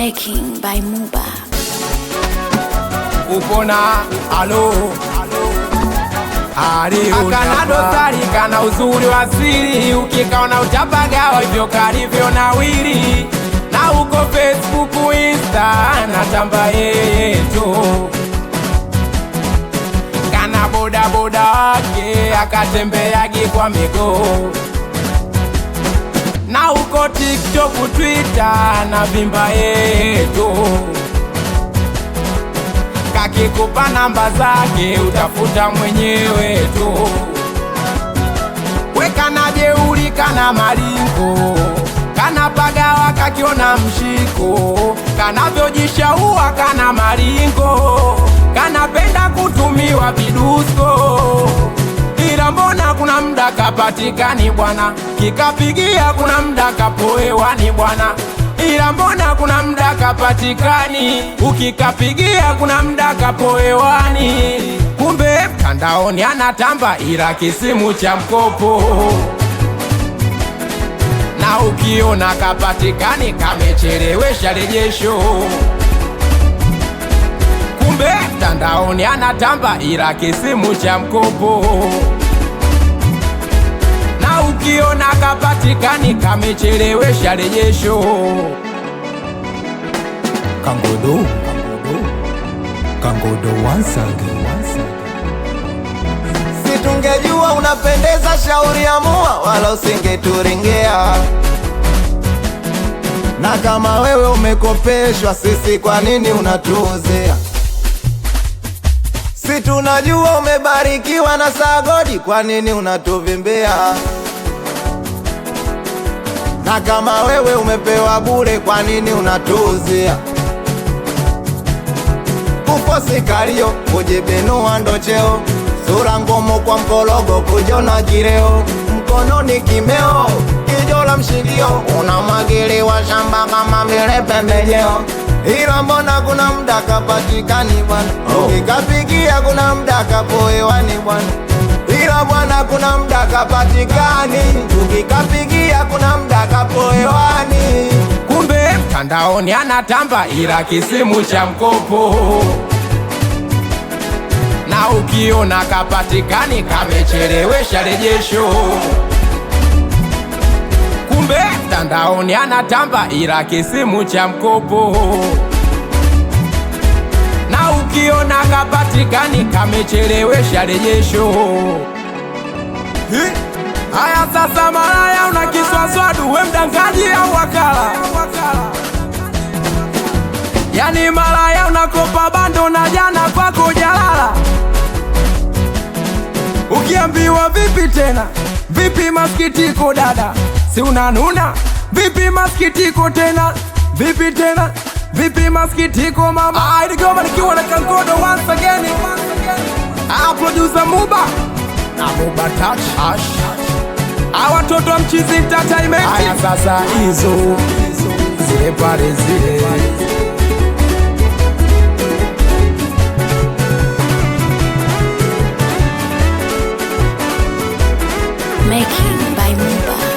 making by Muba. Upona alo akana dosari kana uzuri wa siri, ukikaona utapagawa hivyo na wiri na uko Facebook, Insta na tamba yeto kana kana bodaboda wake akatembeagi kwa miguu Mambo TikTok, Twitter na vimba yetu. Kakikupa namba zake utafuta mwenyewe tu. Weka na jeuri kana malingo kana pagawa kakiona mshiko kanavyojishaua kana malingo kanapenda kutumiwa vidusko mbona kuna mda kapatikani bwana, kikapigia kuna mda kapoewani bwana, ila mbona kuna mda kapatikani, ukikapigia kuna mda kapoewani. Kumbe mtandaoni anatamba, ila kisimu cha mkopo na ukiona kapatikani kamechelewesha rejesho. Kumbe mtandaoni anatamba, ila kisimu cha mkopo ukiona kapatikani kamechelewesha rejesho. Kangodo, Kangodo wansage, situngejua unapendeza shauri ya mua, wala usingeturingea na kama wewe umekopeshwa sisi, kwa nini unatuozea? Si tunajua umebarikiwa na sagodi, kwa nini unatuvimbea? na kama wewe umepewa bure, kwa nini unatuzia? Kufosi kalio kujibenua ndo cheo, sura ngumu kwa mkologo kujona kireo, mkononi kimeo kijo la mshikio, unamwagiliwa shamba kama vile pembejeo. Ila mbona kuna muda kapatikani bwana, oh. Ikapigia kuna muda kapoewani bwana Bwana kuna mda kapatikani, tukikapigia kuna mda kapo hewani, kumbe mtandaoni anatamba, ila kisimu cha mkopo na ukiona kapatikani kamechelewesha rejesho. Kumbe mtandaoni anatamba, ila kisimu cha mkopo na ukiona kapatikani kamechelewesha rejesho. Haya sasa, malaya una kiswaswadu, we mdangaji au wakala? Yani malaya unakopa bando na jana kwako jalala, ukiambiwa vipi tena vipi masikitiko dada, si unanuna vipi masikitiko tena vipi tena vipi masikitiko mama, ah, nikiwa na Kankodo once again, ah, producer Muba na Mobile Touch Ash. Hawa toto mchizi entertainment. Haya sasa hizo zile pale zile Making by Mobile